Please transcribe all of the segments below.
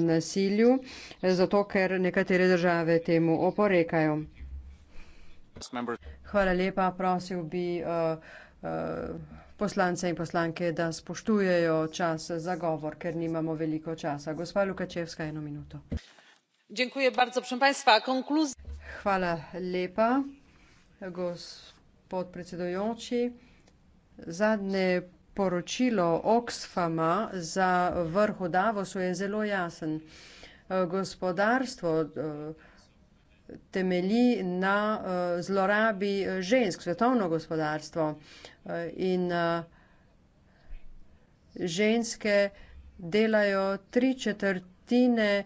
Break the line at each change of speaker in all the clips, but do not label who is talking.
nasilju, zato ker nekatere države temu oporekajo. Hvala lepa, prosil bi uh, uh, poslance in poslanke, da spoštujejo čas za govor, ker nimamo veliko časa. Gospa Lukačevska, eno minuto. Hvala lepa, gospod predsedujoči. Zadnje poročilo Oxfama za vrh v Davosu je zelo jasen. Eh, gospodarstvo eh, temelji na eh, zlorabi žensk, svetovno gospodarstvo in ženske delajo tri četrtine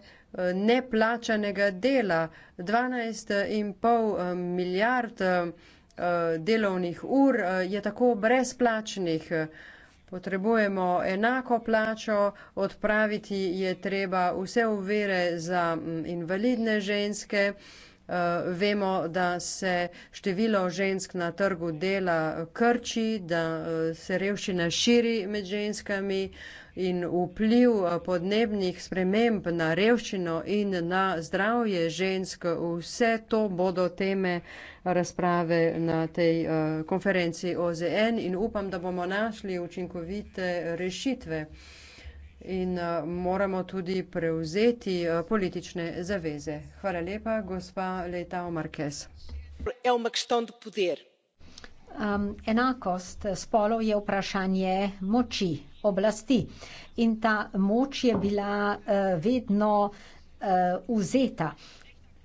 neplačanega dela, 12,5 milijard delovnih ur je tako brezplačnih. Potrebujemo enako plačo, odpraviti je treba vse uvere za mm, invalidne ženske. Eh, vemo, da se število žensk na trgu dela krči, da eh, se revščina širi med ženskami in vpliv eh, podnebnih sprememb na revščino in na zdravje žensk, vse to bodo teme, razprave na tej uh, konferenci OZN in upam, da bomo našli učinkovite rešitve in uh, moramo tudi prevzeti uh, politične zaveze. Hvala lepa, gospa Letao Marquez.
Um, enakost spolov je vprašanje moči, oblasti in ta moč je bila uh, vedno uh, vzeta,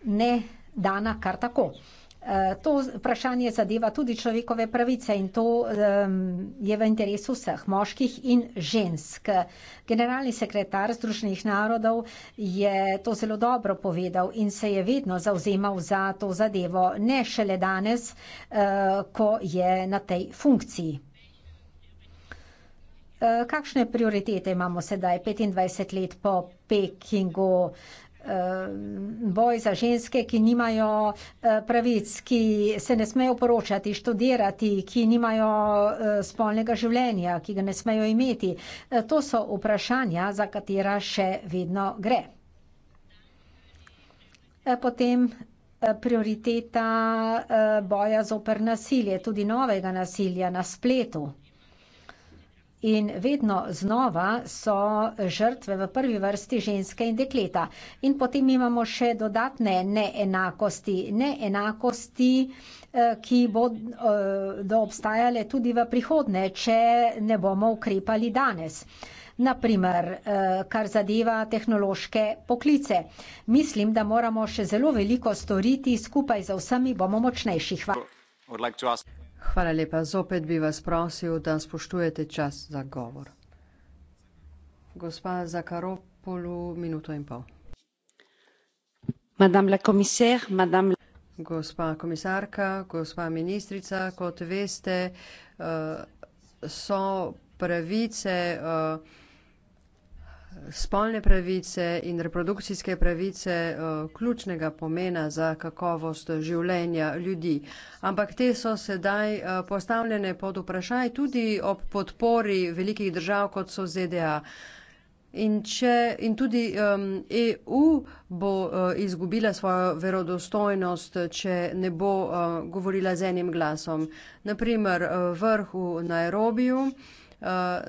ne dana kar tako. Eh, to vprašanje zadeva tudi človekove pravice in to je v interesu vseh, moških in žensk. Generalni sekretar Združenih narodov je to zelo dobro povedal in se je vedno zauzemal za to zadevo, ne šele danes, eh, ko je na tej funkciji. Eh, kakšne prioritete imamo sedaj, 25 let po Pekingu? Eh, boj za ženske, ki nimajo eh, pravic, ki se ne smejo poročati, študirati, ki nimajo eh, spolnega življenja, ki ga ne smejo imeti. To so vprašanja, za katera še vedno gre. Potem prioriteta boja zoper nasilje, tudi novega nasilja na spletu. In vedno znova so žrtve v prvi vrsti ženske in dekleta. In potem imamo še dodatne neenakosti. Neenakosti, eh, ki bodo eh, obstajale tudi v prihodne, če ne bomo ukrepali danes. Naprimer, eh, kar zadeva tehnološke poklice. Mislim, da moramo še zelo veliko storiti skupaj za vsemi, bomo močnejši.
Hvala. Hvala
lepa. Zopet bi vas prosil, da spoštujete
čas za govor. Gospa Zakaropolu, minuto in pol. Madame la commissaire, madame la... Gospa komisarka, gospa ministrica, kot veste, eh, so pravice, eh, spolne pravice in reprodukcijske pravice eh, ključnega pomena za kakovost življenja ljudi. Ampak te so sedaj eh, postavljene pod vprašaj tudi ob podpori velikih držav, kot so ZDA. In, če, in tudi um, EU bo uh, izgubila svojo verodostojnost, če ne bo uh, govorila z enim glasom. Naprimer, uh, vrh v Nairobiju uh, Eh,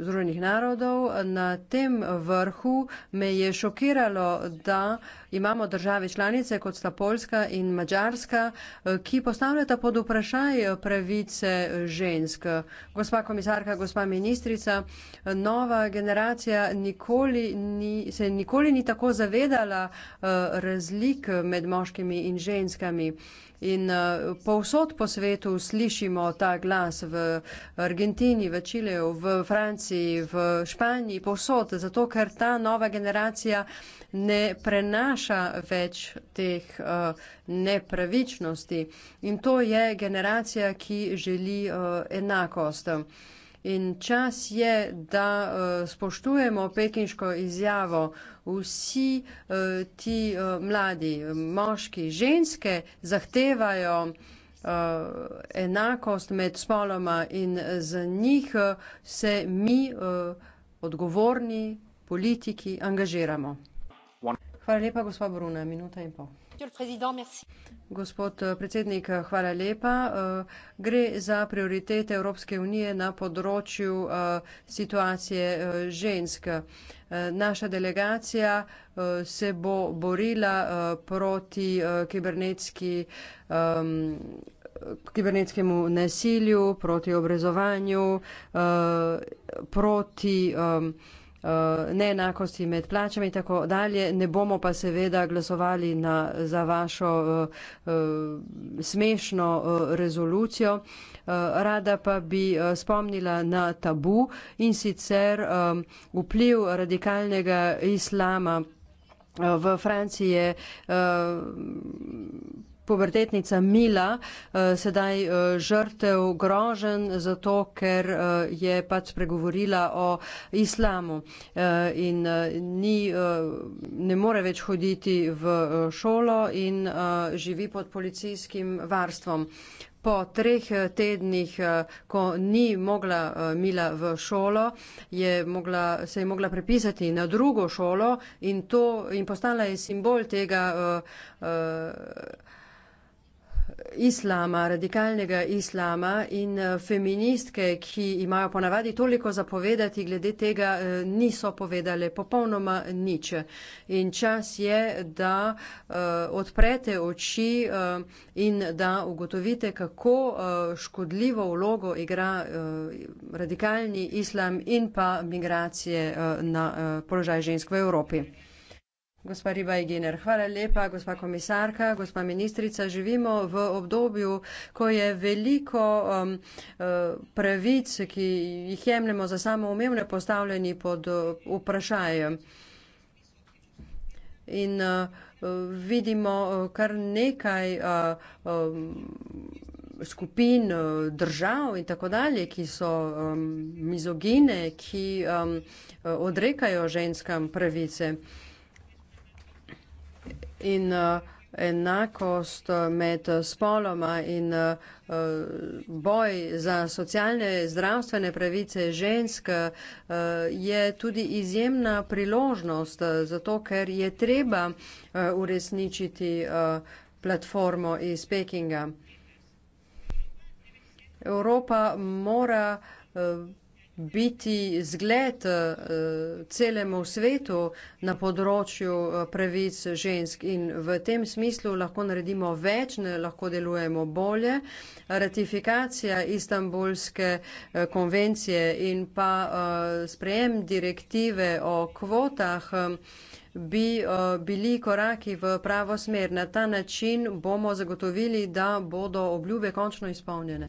Združenih narodov. Na tem vrhu me je šokiralo, da uh, imamo države članice, kot sta Poljska in Mačarska, eh, ki postavljata pod vprašaj eh, pravice eh, žensk. Gospa komisarka, gospa ministrica, nova generacija nikoli ni, se nikoli ni tako zavedala razlik med moškimi in ženskami. In povsod po svetu slišimo ta glas v Argentini, v Čileju, v Franciji, v Španiji, povsod, zato ker ta nova generacija ne prenaša prenaša več teh uh, nepravičnosti. In to je generacija, ki želi uh, enakost. In čas je, da uh, spoštujemo pekinško izjavo. Vsi uh, ti uh, mladi, moški, ženske zahtevajo uh, enakost med spoloma in za njih se mi, uh, odgovorni politiki, angažiramo. Hvala lepa, gospa Bruna, minuta in pol. Gospod eh, predsednik, eh, hvala lepa. Eh, gre za prioritete Evropske unije na področju situacije žensk. Naša delegacija se bo borila proti kibernetski, ehm, kibernetskemu nasilju, proti obrezovanju, proti ehm, Eh, neenakosti med plačami in tako dalje. Ne bomo pa seveda glasovali na, za vašo uh, smešno uh, rezolucijo. Uh, rada pa bi uh, spomnila na tabu in sicer um, vpliv radikalnega islama uh, v Franciji. Uh, pubertetnica Mila, eh, sedaj eh, žrtev grožen zato, ker eh, je pač spregovorila o islamu in ni, ne more več hoditi v šolo in živi pod policijskim varstvom. Po treh tednih, ko ni mogla Mila v šolo, je mogla, se je mogla prepisati na drugo šolo in, to, in postala je simbol tega uh, uh, islama, radikalnega islama in eh, feministke, ki imajo ponavadi toliko zapovedati glede tega, eh, niso povedale popolnoma nič. In čas je, da eh, odprete oči in da ugotovite, kako škodljivo vlogo igra radikalni islam in pa migracije na položaj žensk v Evropi. Gospa Riba Eginer, hvala lepa, gospa komisarka, gospa ministrica. Živimo v obdobju, ko je veliko um, uh, pravic, ki jih jemljemo za samoumevne, postavljeni pod uh, vprašanje. In uh, vidimo uh, kar nekaj uh, um, skupin držav in tako dalje, ki so um, mizogine, ki um, odrekajo ženskam pravice in uh, enakost med spoloma in uh, uh, boj za socialne zdravstvene pravice žensk uh, je tudi izjemna priložnost, uh, zato ker je treba uh, uresničiti uh, platformo iz Pekinga. Evropa mora. Uh, biti zgled eh, celemu svetu na področju eh, pravic žensk in v tem smislu lahko naredimo več, ne lahko delujemo bolje. Ratifikacija istambulske eh, konvencije in pa sprejem direktive o kvotah bi bili koraki v pravo smer. Na ta način bomo zagotovili, da bodo obljube končno izpolnjene.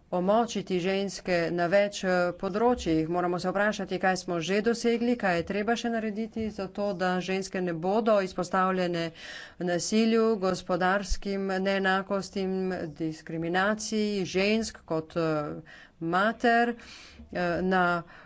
omočiti ženske na več eh, področjih. Moramo se vprašati, kaj smo že dosegli, kaj je treba še narediti za to, da ženske ne bodo izpostavljene nasilju, gospodarskim neenakostim, diskriminaciji žensk kot eh, mater eh, na področju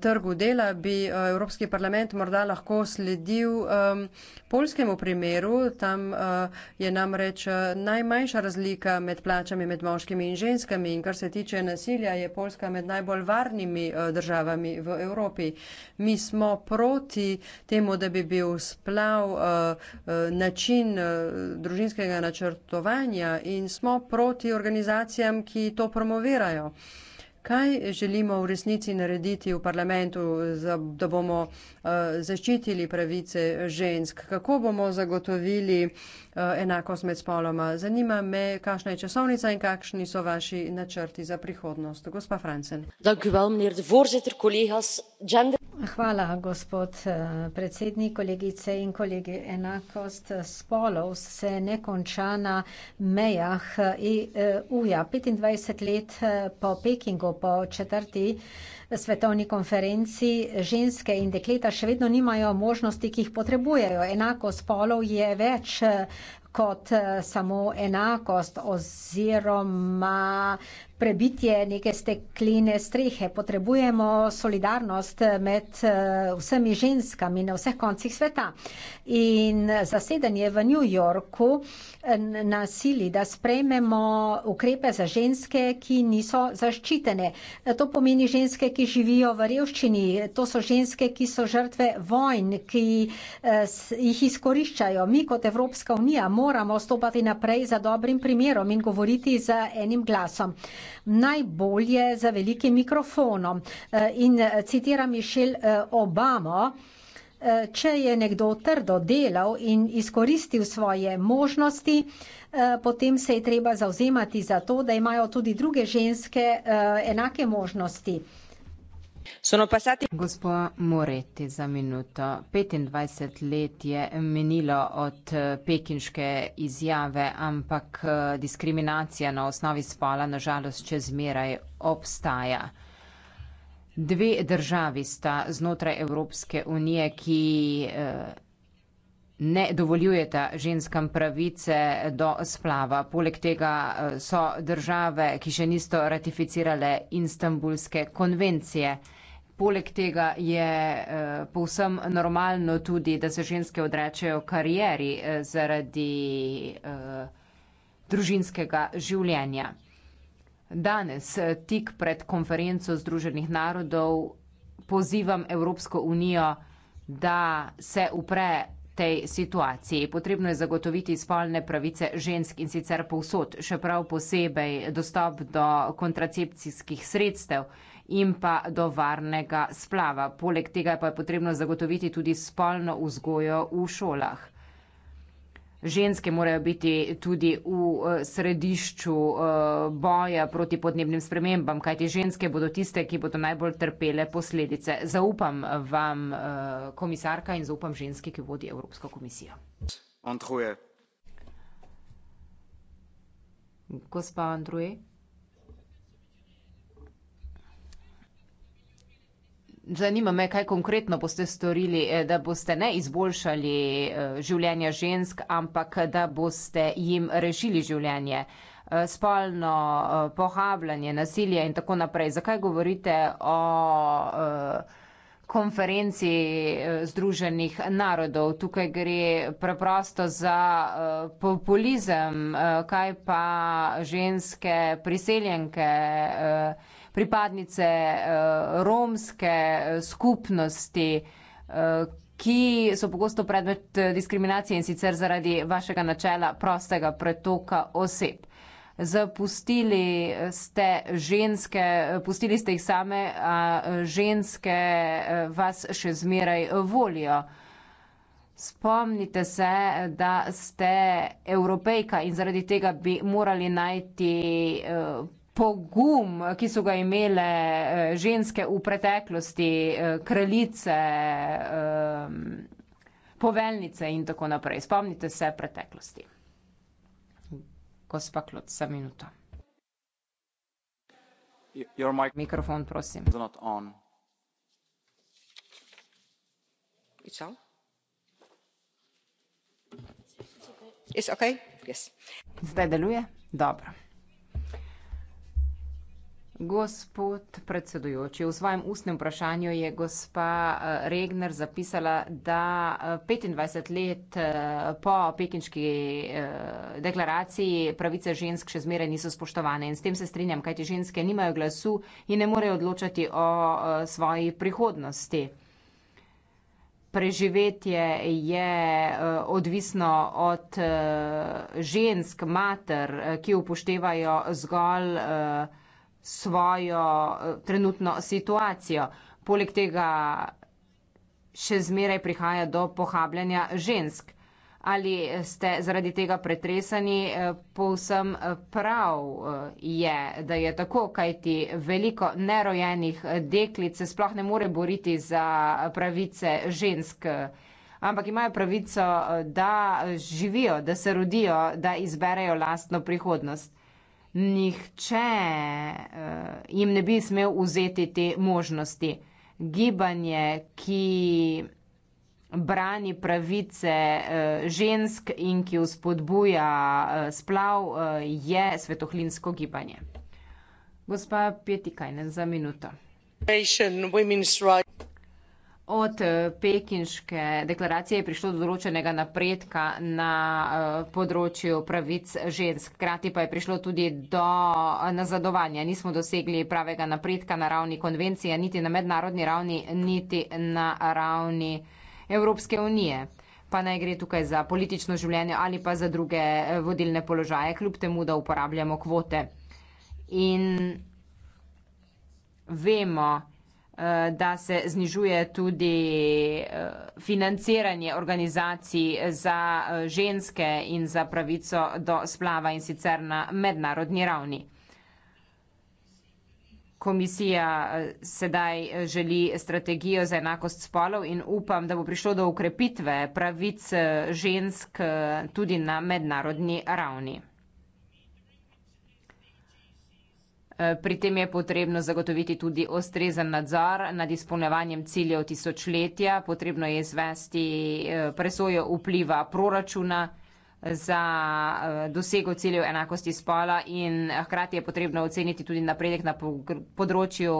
trgu dela, bi eh, Evropski parlament morda lahko sledil um, ehm, polskemu primeru. Tam uh, je namreč eh, najmanjša razlika med plačami med moškimi in ženskami in kar se tiče nasilja, je Polska med najbolj varnimi uh, državami v Evropi. Mi smo proti temu, da bi bil splav uh, način uh, družinskega načrtovanja in smo proti organizacijam, ki to promovirajo kaj želimo v resnici narediti v parlamentu, za, da bomo uh, zaščitili pravice žensk, kako bomo zagotovili uh, enakost med spoloma. Zanima me, kakšna je časovnica in kakšni so vaši načrti za prihodnost. Gospa Francen. Dank u wel, meneer de voorzitter, collega's.
Gender... Hvala, gospod eh, predsednik, kolegice in kolegi. Enakost spolov se ne konča na mejah EU-ja. Eh, e 25 let eh, po Pekingu, po četrti svetovni konferenci, ženske in dekleta še vedno nimajo možnosti, ki jih potrebujejo. Enakost spolov je več kot samo enakost oziroma prebitje neke steklene strehe, potrebujemo solidarnost med eh, vsemi ženskami na vseh koncih sveta. In zasedanje v New Yorku eh, nasili, da sprejmemo ukrepe za ženske, ki niso zaščitene. Eh, to pomeni ženske, ki živijo v revščini, to so ženske, ki so žrtve vojn, ki jih izkoriščajo. Mi kot Evropska unija moramo stopati naprej za dobrim primerom in govoriti za enim glasom najbolje za velikim mikrofonom. Eh, in eh, citira Mišel eh, Obamo, če je nekdo trdo delal in izkoristil svoje možnosti, potem se je treba zauzemati za to, da imajo tudi druge ženske enake možnosti.
Sono passati. Gospod Moretti, za minuto. 25 let je menilo od eh, pekinške izjave, ampak eh, diskriminacija na osnovi spola nažalost še zmeraj obstaja. Dve državi sta znotraj Evropske unije, ki. Eh, ne dovoljujeta ženskam pravice do splava. Poleg tega eh, so države, ki še nisto ratificirale Istanbulske konvencije. Poleg tega je eh, povsem normalno tudi, da se ženske odrečejo karieri eh, zaradi družinskega življenja. Danes, tik pred konferenco Združenih narodov, pozivam Evropsko unijo, da se upre tej situaciji. Potrebno je zagotoviti spolne pravice žensk in sicer povsod, še prav posebej dostop do kontracepcijskih sredstev in pa do varnega splava. Poleg tega pa je potrebno zagotoviti tudi spolno vzgojo v šolah ženske morajo biti tudi v eh, središču eh, boja proti podnebnim spremembam, kajti ženske bodo tiste, ki bodo najbolj trpele posledice. Zaupam vam, eh, komisarka, in zaupam ženski, ki vodi Evropsko komisijo. Gospa Andruje. Zanima me, kaj konkretno boste storili, eh, da boste ne izboljšali eh, življenja žensk, ampak eh, da boste jim rešili življenje. Spolno pohabljanje, nasilje in tako naprej. Zakaj govorite o konferenci Združenih narodov? Tukaj gre preprosto za populizem, kaj pa ženske priseljenke pripadnice eh, romske eh, skupnosti, eh, ki so pogosto predmet diskriminacije in sicer zaradi vašega načela prostega pretoka oseb. Zapustili ste ženske, pustili ste jih same, a ženske vas še zmeraj volijo. Spomnite se, da ste evropejka in zaradi tega bi morali najti pogum, ki so ga imele eh, ženske v preteklosti, eh, kraljice, eh, poveljnice in tako naprej. Spomnite se preteklosti. Gospa Klot, za minuto. Mic Mikrofon, prosim. Zdaj deluje? Dobro. Gospod predsedujoči, v svojem ustnem vprašanju je gospa eh, Regner zapisala, da 25 eh, let eh, po pekinški deklaraciji pravice žensk še zmeraj niso spoštovane in s tem se strinjam, kajti ženske nimajo glasu in ne morejo odločati o svoji prihodnosti. Preživetje je odvisno od žensk, mater, ki upoštevajo zgolj svojo eh, trenutno situacijo. Poleg tega še zmeraj prihaja do pohabljanja žensk. Ali ste zaradi tega pretresani, eh, povsem eh, prav je, da je tako, kajti veliko nerojenih deklic se sploh ne more boriti za pravice žensk, ampak imajo pravico, da živijo, da se rodijo, da izberejo lastno prihodnost nihče eh, jim ne bi smel vzeti te možnosti. Gibanje, ki brani pravice eh, žensk in ki vzpodbuja eh, splav, je svetohlinsko gibanje. Gospa Pjetikajnen za minuto.
Right
od eh, pekinške deklaracije je prišlo do določenega napredka na eh, področju pravic žensk. Krati pa je prišlo tudi do eh, nazadovanja. Nismo dosegli pravega napredka na ravni konvencije, niti na mednarodni ravni, niti na ravni Evropske unije. Pa naj gre tukaj za politično življenje ali pa za druge vodilne položaje, kljub temu, da uporabljamo kvote. In vemo, Eh, da se znižuje tudi eh, financiranje organizacij za eh, ženske in za pravico do splava in sicer na mednarodni ravni. Komisija sedaj želi strategijo za enakost spolov in upam, da bo prišlo do ukrepitve pravic žensk tudi na mednarodni ravni. Pri tem je potrebno zagotoviti tudi ostrezen nadzor nad izpolnevanjem ciljev tisočletja. Potrebno je izvesti eh, presojo vpliva proračuna eh, za eh, dosego ciljev enakosti spola in hkrati je potrebno oceniti tudi napredek na področju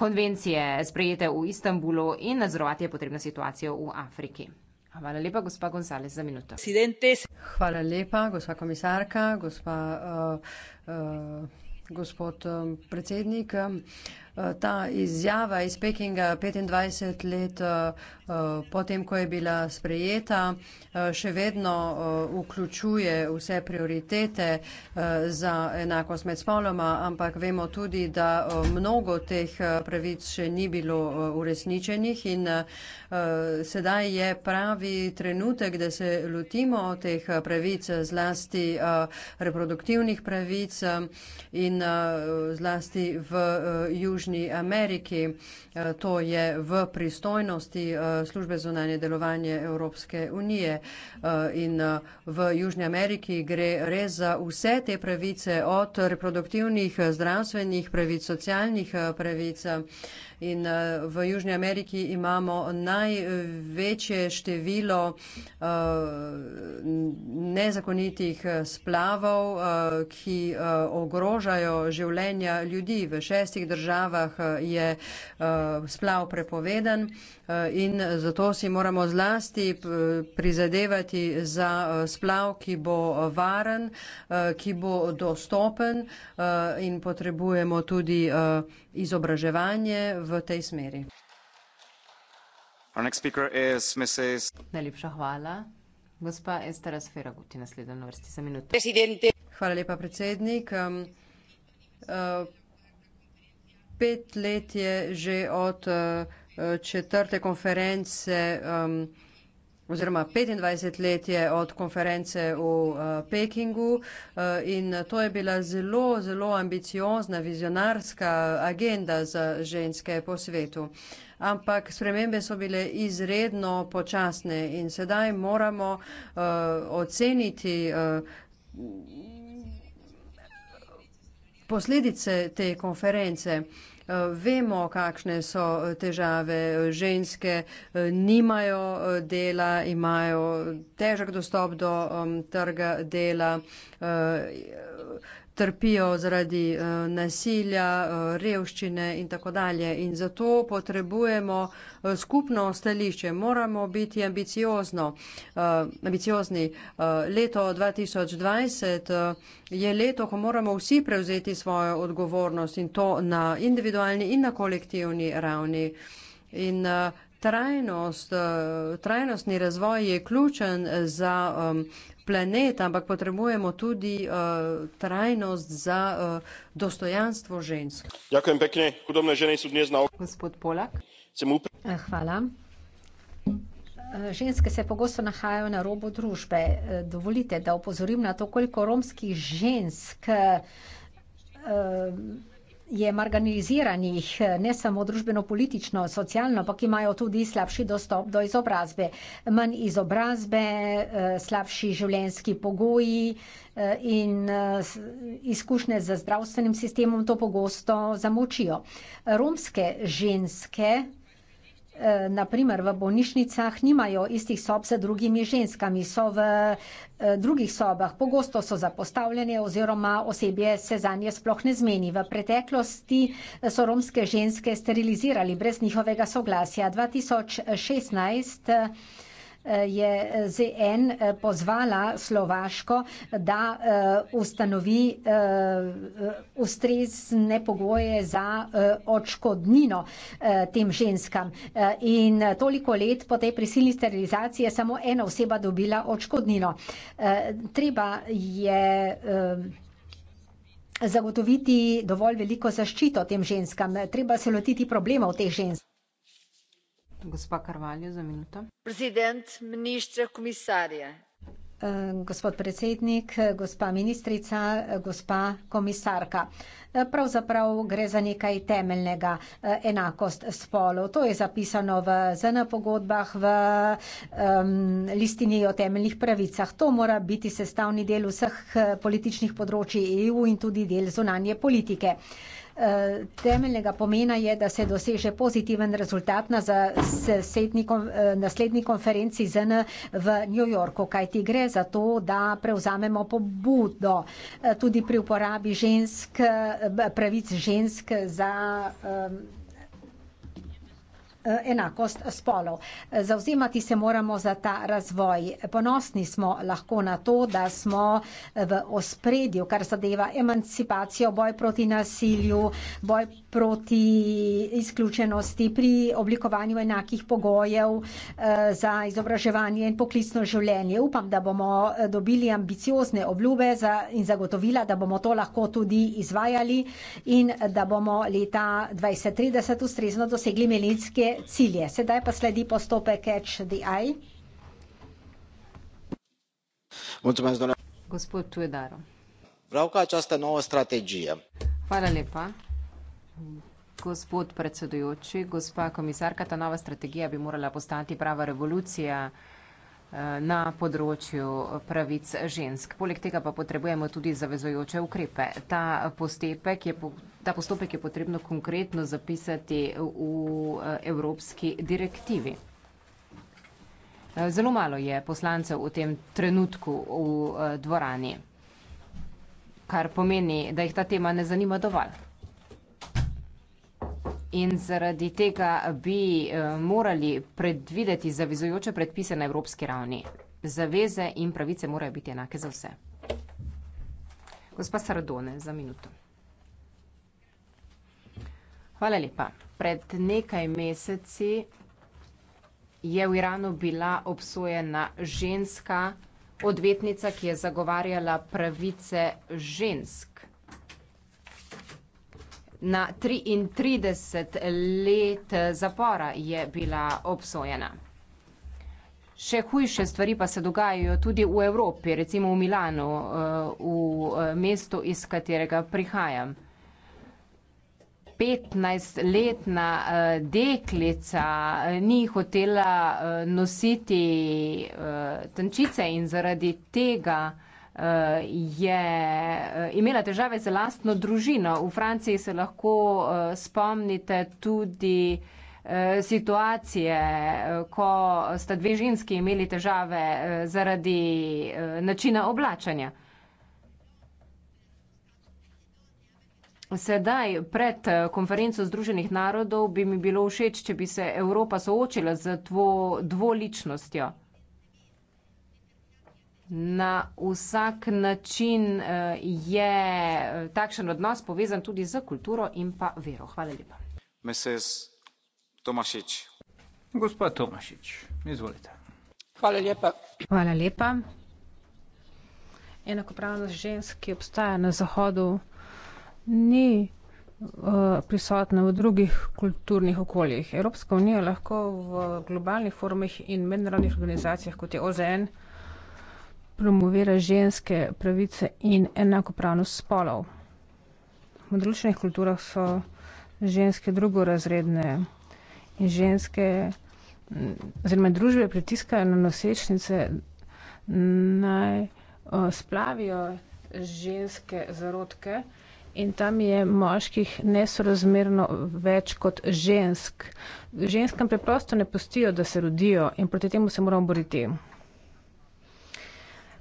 konvencije sprejete v Istanbulu in nadzorovati je potrebno situacijo v Afriki. Hvala lepa, gospa Gonzalez, za minuto.
Hvala lepa, gospa komisarka, gospa. Uh, Eh, gospod, eh, predsednik. Eh, ta izjava iz Pekinga 25 let eh, eh, potem, ko je bila sprejeta, eh, še vedno vključuje vse prioritete za enakost med spoloma, ampak vemo tudi, da mnogo teh pravic še ni bilo uresničenih in sedaj je pravi trenutek, da se lotimo teh pravic zlasti reproduktivnih pravic in zlasti v južnosti Južni Ameriki. E, to je v pristojnosti e, službe zunanje delovanje Evropske unije. E, in v Južni Ameriki gre res za vse te pravice, od reproduktivnih, zdravstvenih pravic, socialnih pravic in eh, v Južni Ameriki imamo največje število eh, nezakonitih eh, splavov, ki ogrožajo življenja ljudi. V šestih državah je splav prepovedan in zato si moramo zlasti prizadevati za splav, ki bo varen, ki bo dostopen in potrebujemo tudi izobraževanje v tej smeri.
Najlepša
hvala. Gospa
Estera Sferaguti, naslednja na vrsti za minuto.
Hvala lepa, predsednik. Um, uh, pet let je že od uh, četrte konference um, oziroma 25 let je od konference v uh, Pekingu uh, in to je bila zelo, zelo ambiciozna, vizionarska agenda za ženske po svetu. Ampak spremembe so bile izredno počasne in sedaj moramo uh, oceniti. Uh, posledice te konference. Uh, vemo, kakšne so eh, težave. Ženske eh, nimajo eh, dela, imajo težak dostop do um, trga dela trpijo zaradi uh, nasilja, uh, revščine in tako dalje. In zato potrebujemo uh, skupno stališče. Moramo biti ambiciozno, uh, ambiciozni. Uh, leto 2020 uh, je leto, ko moramo vsi prevzeti svojo odgovornost in to na individualni in na kolektivni ravni. In uh, trajnost, uh, trajnostni razvoj je ključen za um, planet, ampak potrebujemo tudi uh, trajnost za uh,
dostojanstvo žensk.
Dakujem, pekne, hudobne žene so dnevna oko. Gospod Polak. Eh,
hvala. Ženske se pogosto nahajajo na robu družbe. Dovolite, da opozorim na to, koliko romskih žensk uh, je marginaliziranih, ne samo družbeno-politično, socialno, pa ki imajo tudi slabši dostop do izobrazbe. Manj izobrazbe, eh, slabši življenjski pogoji eh, in eh, izkušnje z zdravstvenim sistemom to pogosto zamočijo. Romske ženske Eh, naprimer v bolnišnicah nimajo istih sob z drugimi ženskami, so v eh, drugih sobah, pogosto so zapostavljene oziroma osebje se za nje sploh ne zmeni. V preteklosti eh, so romske ženske sterilizirali brez njihovega soglasja. 2016 je ZN eh, pozvala Slovaško, da eh, ustanovi eh, ustrezne pogoje za odškodnino tem ženskam. In toliko let po tej prisilni sterilizaciji je samo ena oseba dobila odškodnino. Treba je zagotoviti dovolj veliko zaščito tem ženskam, treba se lotiti problemov teh žensk. Eh, gospod predsednik, gospa ministrica, gospa komisarka. Eh, pravzaprav gre za nekaj temeljnega, eh, enakost spolov. To je zapisano v ZN-pogodbah, v, listini o temeljnih pravicah. To mora biti sestavni del vseh, političnih področij EU in tudi del zunanje politike temeljnega pomena je, da se doseže pozitiven rezultat na naslednji konferenci ZN v New Yorku, kaj ti gre za to, da prevzamemo pobudo tudi pri uporabi žensk, pravic žensk za um, enakost spolov. Zauzemati se moramo za ta razvoj. Ponosni smo lahko na to, da smo v ospredju, kar zadeva emancipacijo, boj proti nasilju, boj proti izključenosti pri oblikovanju enakih pogojev eh, za izobraževanje in poklicno življenje. Upam, da bomo eh, dobili ambiciozne obljube in zagotovila, da bomo to lahko tudi izvajali in eh, da bomo leta 2030 ustrezno dosegli milijonske cilje. Sedaj pa sledi postopek Catch the Eye. Gospod Tuedaro. Prav ka časte novo strategijo.
Hvala lepa. Gospod predsedujoči, gospa komisarka, ta nova strategija bi morala postati prava revolucija na področju pravic žensk. Poleg tega pa potrebujemo tudi zavezojoče ukrepe. Ta postopek je, ta postopek je potrebno konkretno zapisati v evropski direktivi. Zelo malo je poslancev v tem trenutku v dvorani, kar pomeni, da jih ta tema ne zanima dovolj. In zaradi tega bi eh, morali predvideti zavezujoče predpise na evropski ravni. Zaveze in pravice morajo biti enake za vse. Gospa Sardone, za minuto. Hvala lepa. Pred nekaj meseci je v Iranu bila obsojena ženska odvetnica, ki je zagovarjala pravice žensk na 33 let zapora je bila obsojena. Še hujše stvari pa se dogajajo tudi v Evropi, recimo v Milano, eh, v eh, mestu, iz katerega prihajam. 15-letna eh, deklica ni hotela nositi tančice in zaradi tega je eh, imela težave z lastno družino. V Franciji se lahko eh, spomnite tudi eh, situacije, ko sta dve ženski imeli težave zaradi načina oblačanja. Sedaj, pred konferenco Združenih narodov, bi mi bilo všeč, če bi se Evropa soočila z dvoličnostjo. Dvo Na vsak način eh, je eh, takšen odnos povezan tudi z kulturo in pa vero. Hvala lepa.
Mrs. Tomašič. Gospod Tomašič, izvolite. Hvala lepa.
Hvala lepa. Enakopravnost žensk, ki obstaja na Zahodu, ni eh, prisotna v drugih kulturnih okoljih. Evropska unija lahko v globalnih forumih in mednarodnih organizacijah, kot je OZN, promovira ženske pravice in enakopravnost spolov. V določenih kulturah so ženske drugorazredne in ženske, mm, oziroma družbe pritiskajo na nosečnice, naj splavijo ženske zarodke in tam je moških nesorazmerno več kot žensk. Ženskam preprosto ne pustijo, da se rodijo in proti temu se moramo boriti.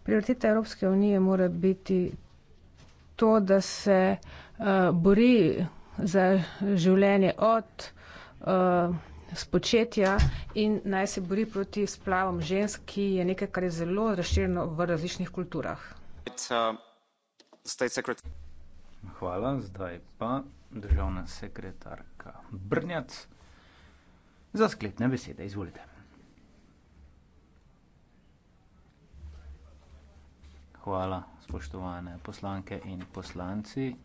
Prioriteta Evropske unije mora biti to, da se uh, bori za življenje od uh, spočetja in naj se bori proti splavom žensk, ki je nekaj, kar je zelo razširjeno v različnih kulturah.
Uh, Hvala, zdaj pa državna sekretarka Brnjac za sklepne besede. Izvolite. hvala, spoštovane poslanke in poslanci.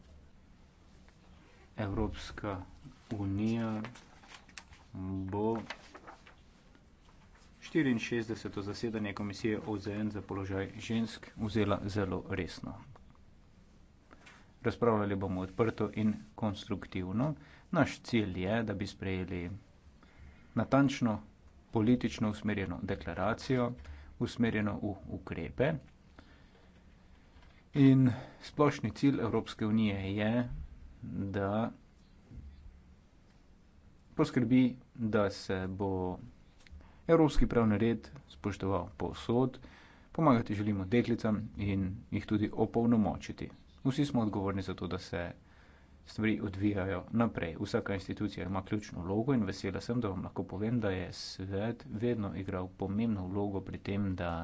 Evropska unija bo 64. zasedanje komisije OZN za položaj žensk vzela zelo resno. Razpravljali bomo odprto in konstruktivno. Naš cilj je, da bi sprejeli natančno politično usmerjeno deklaracijo, usmerjeno v ukrepe. In splošni cilj Evropske unije je, da poskrbi, da se bo evropski pravni red spoštoval povsod, pomagati želimo deklicam in jih tudi opolnomočiti. Vsi smo odgovorni za to, da se stvari odvijajo naprej. Vsaka institucija ima ključno vlogo in vesela sem, da vam lahko povem, da je svet vedno igral pomembno vlogo pri tem, da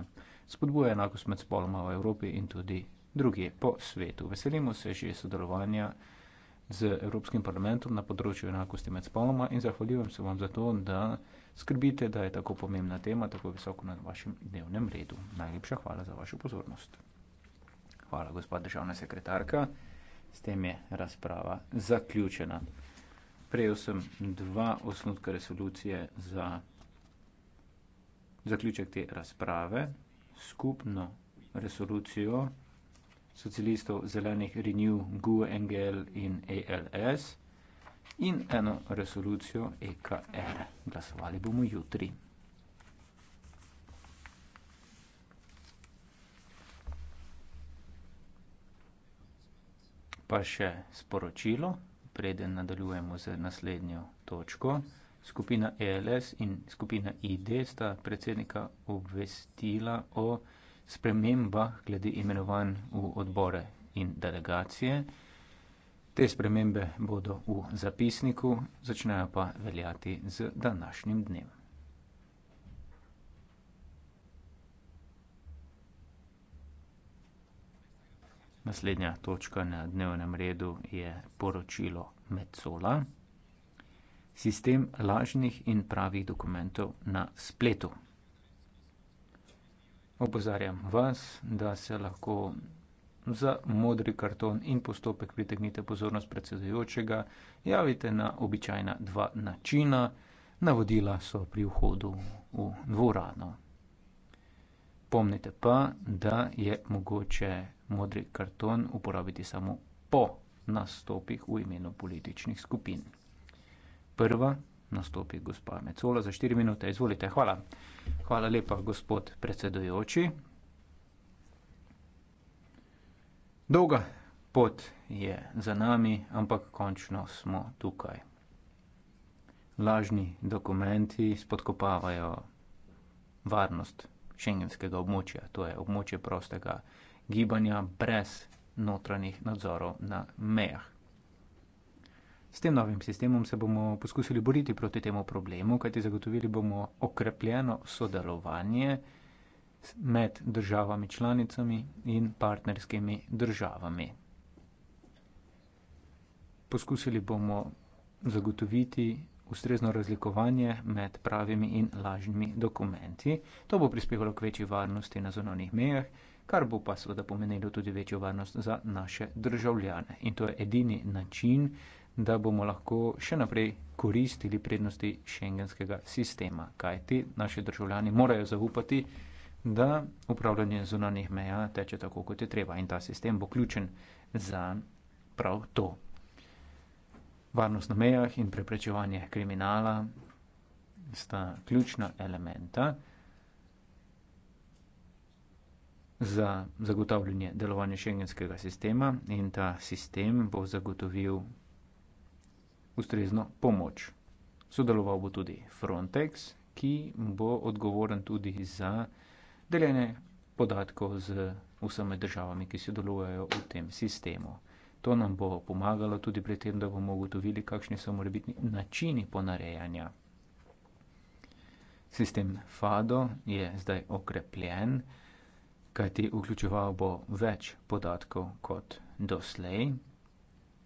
spodbuja enakost med spoloma v Evropi in tudi drugje po svetu veselimo se že sodelovanja z evropskim parlamentom na področju enakosti med spoloma in zahvaljujem se vam za to da skrbite da je tako pomembna tema tako visoko na vašem dnevnem redu najlepša hvala za vašo pozornost hvala gospod državna sekretarka s tem je razprava zaključena prejel sem dva osnutka resolucije za zaključek te razprave skupno resolucijo socialistov, zelenih Renew, GUE, NGL in ALS in eno resolucijo EKR. Glasovali bomo jutri. Pa še sporočilo, preden nadaljujemo z naslednjo točko. Skupina ELS in skupina ID sta predsednika obvestila o sprememba glede imenovanj v odbore in delegacije. Te spremembe bodo v zapisniku, začnejo pa veljati z današnjim dnem. Naslednja točka na dnevnem redu je poročilo Metzola. Sistem lažnih in pravih dokumentov na spletu. Opozarjam vas, da se lahko za modri karton in postopek pritegnite pozornost predsedujočega, javite na običajna dva načina, navodila so pri vhodu v dvorano. Pomnite pa, da je mogoče modri karton uporabiti samo po nastopih v imenu političnih skupin. Prva nastopi gospa Mecola za štiri minute. Izvolite, hvala. Hvala lepa, gospod predsedujoči. Dolga pot je za nami, ampak končno smo tukaj. Lažni dokumenti spodkopavajo varnost šengenskega območja, to je območje prostega gibanja brez notranjih nadzorov na mejah. S tem novim sistemom se bomo poskusili boriti proti temu problemu, kajti zagotovili bomo okrepljeno sodelovanje med državami članicami in partnerskimi državami. Poskusili bomo zagotoviti ustrezno razlikovanje med pravimi in lažnimi dokumenti. To bo prispevalo k večji varnosti na zunanjih mejah, kar bo pa seveda pomenilo tudi večjo varnost za naše državljane. In to je edini način, da bomo lahko še naprej koristili prednosti šengenskega sistema, kajti naši državljani morajo zaupati, da upravljanje zunanih meja teče tako, kot je treba in ta sistem bo ključen za prav to. Varnost na mejah in preprečevanje kriminala sta ključna elementa za zagotavljanje delovanja šengenskega sistema in ta sistem bo zagotovil ustrezno pomoč sodeloval bo tudi Frontex ki bo odgovoren tudi za deljenje podatkov z vsemi državami ki sodelujejo v tem sistemu to nam bo pomagalo tudi pri tem da bomo ugotovili kakšni so morebitni načini ponarejanja sistem FADO je zdaj okrepljen kajti vključeval bo več podatkov kot doslej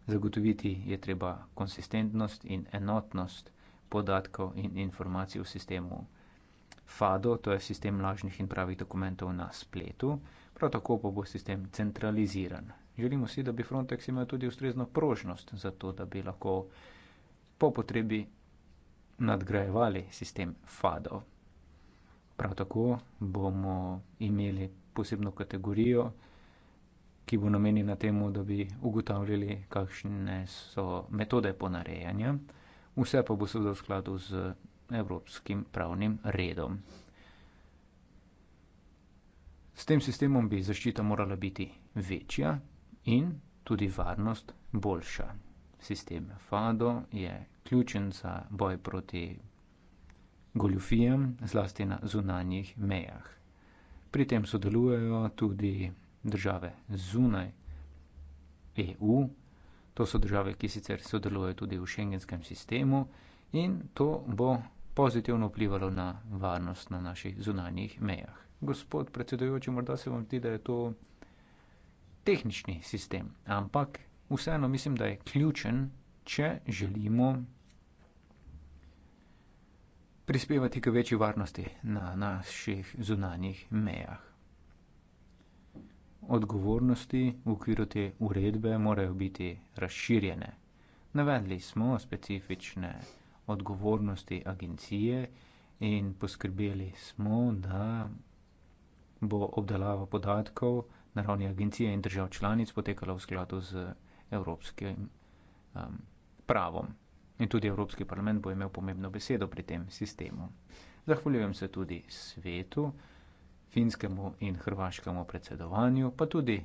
zagotoviti je treba konsistentnost in enotnost podatkov in informacij v sistemu fado to je sistem lažnih in pravih dokumentov na spletu prav tako pa bo sistem centraliziran želimo si da bi frontex imel tudi ustrezno prožnost zato da bi lahko po potrebi nadgrajevali sistem fado prav tako bomo imeli posebno kategorijo ki bo namenjena temu, da bi ugotavljali, kakšne so metode ponarejanja, vse pa bo seveda v skladu z evropskim pravnim redom. S tem sistemom bi zaščita morala biti večja in tudi varnost boljša. Sistem FADO je ključen za boj proti goljufijem, zlasti na zunanjih mejah. Pri tem sodelujejo tudi države zunaj EU, to so države, ki sicer sodelujejo tudi v šengenskem sistemu in to bo pozitivno vplivalo na varnost na naših zunanjih mejah. Gospod predsedujoči, morda se vam ti, da je to tehnični sistem, ampak vseeno mislim, da je ključen, če želimo prispevati k večji varnosti na naših zunanjih mejah odgovornosti v okviru te uredbe morajo biti razširjene navedli smo specifične odgovornosti agencije in poskrbeli smo da bo obdelava podatkov na ravni agencije in držav članic potekala v skladu z evropskim um, pravom in tudi evropski parlament bo imel pomembno besedo pri tem sistemu zahvaljujem se tudi svetu finskemu in hrvaškemu predsedovanju, pa tudi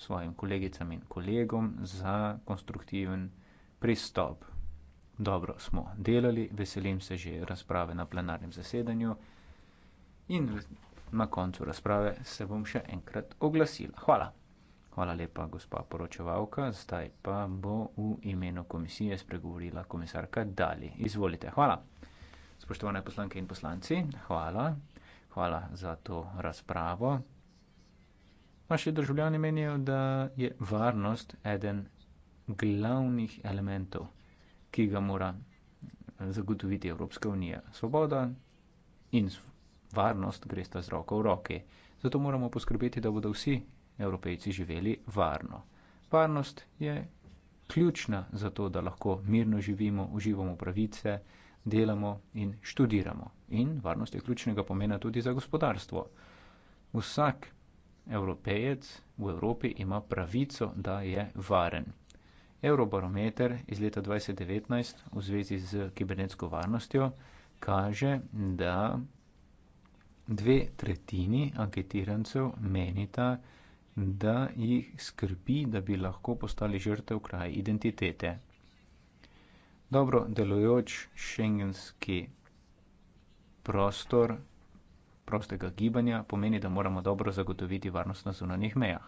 svojim kolegicam in kolegom za konstruktiven pristop. Dobro smo delali, veselim se že razprave na plenarnem zasedanju in na koncu razprave se bom še enkrat oglasila. Hvala. Hvala lepa, gospa poročevalka. Zdaj pa bo v imenu komisije spregovorila komisarka Dali. Izvolite. Hvala. Spoštovane poslanke in poslanci, hvala. Hvala za to razpravo. Naši državljani menijo, da je varnost eden glavnih elementov, ki ga mora zagotoviti Evropska unija. Svoboda in varnost gre sta z roko v roki. Zato moramo poskrbeti, da bodo vsi evropejci živeli varno. Varnost je ključna za to, da lahko mirno živimo, uživamo pravice delamo in študiramo. In varnost je ključnega pomena tudi za gospodarstvo. Vsak evropejec v Evropi ima pravico, da je varen. Eurobarometer iz leta 2019 v zvezi z kibernetsko varnostjo kaže, da dve tretjini anketirancev menita, da jih skrbi, da bi lahko postali žrtev kraj identitete dobro delujoč šengenski prostor prostega gibanja pomeni, da moramo dobro zagotoviti varnost na zunanjih mejah.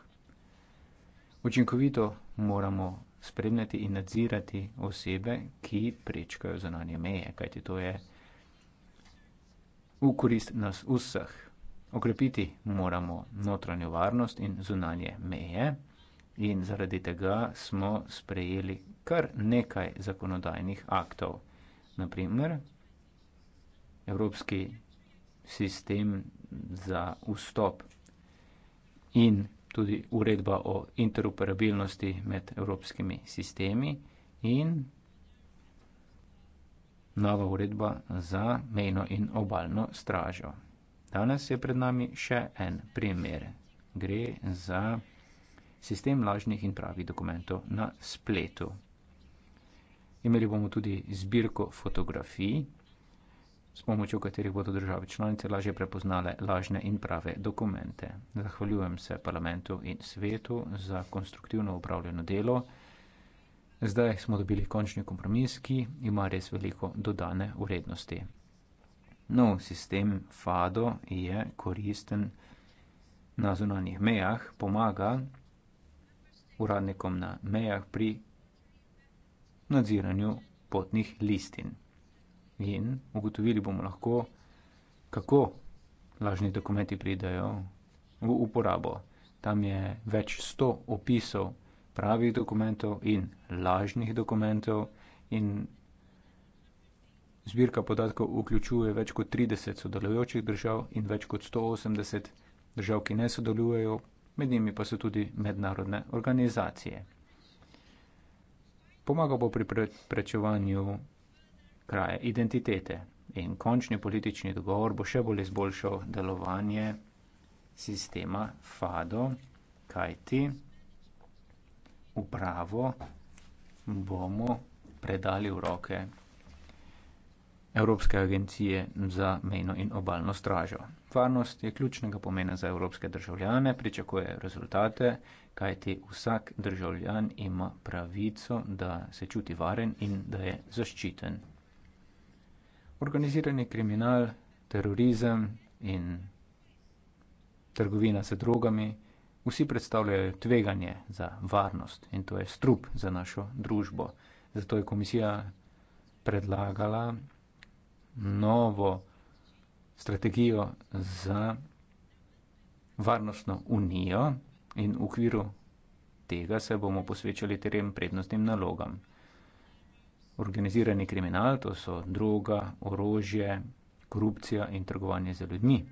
Učinkovito moramo spremljati in nadzirati osebe, ki prečkajo zunanje meje, kajti to je v korist nas vseh. Okrepiti moramo notranjo varnost in zunanje meje in zaradi tega smo sprejeli kar nekaj zakonodajnih aktov. Naprimer, Evropski sistem za vstop in tudi uredba o interoperabilnosti med evropskimi sistemi in nova uredba za mejno in obaljno stražo. Danes je pred nami še en primer. Gre za sistem lažnih in pravih dokumentov na spletu. Imeli bomo tudi zbirko fotografij, s pomočjo katerih bodo države članice lažje prepoznale lažne in prave dokumente. Zahvaljujem se parlamentu in svetu za konstruktivno upravljeno delo. Zdaj smo dobili končni kompromis, ki ima res veliko dodane vrednosti. Nov sistem FADO je koristen na zunanjih mejah, pomaga uradnikom na mejah pri nadziranju potnih listin. In ugotovili bomo lahko, kako lažni dokumenti pridajo v uporabo. Tam je več sto opisov pravih dokumentov in lažnih dokumentov in zbirka podatkov vključuje več kot 30 sodelujočih držav in več kot 180 držav, ki ne sodelujejo med njimi pa so tudi mednarodne organizacije. Pomaga bo pri preprečevanju kraje identitete in končni politični dogovor bo še bolj izboljšal delovanje sistema FADO, kajti upravo bomo predali v roke Evropske agencije za mejno in obalno stražo. Varnost je ključnega pomena za evropske državljane, pričakuje rezultate, kajti vsak državljan ima pravico, da se čuti varen in da je zaščiten. Organizirani kriminal, terorizem in trgovina z drogami vsi predstavljajo tveganje za varnost in to je strup za našo družbo. Zato je komisija predlagala novo strategijo za varnostno unijo in v okviru tega se bomo posvečali trem prednostnim nalogam. Organizirani kriminal, to so droga, orožje, korupcija in trgovanje z ljudmi.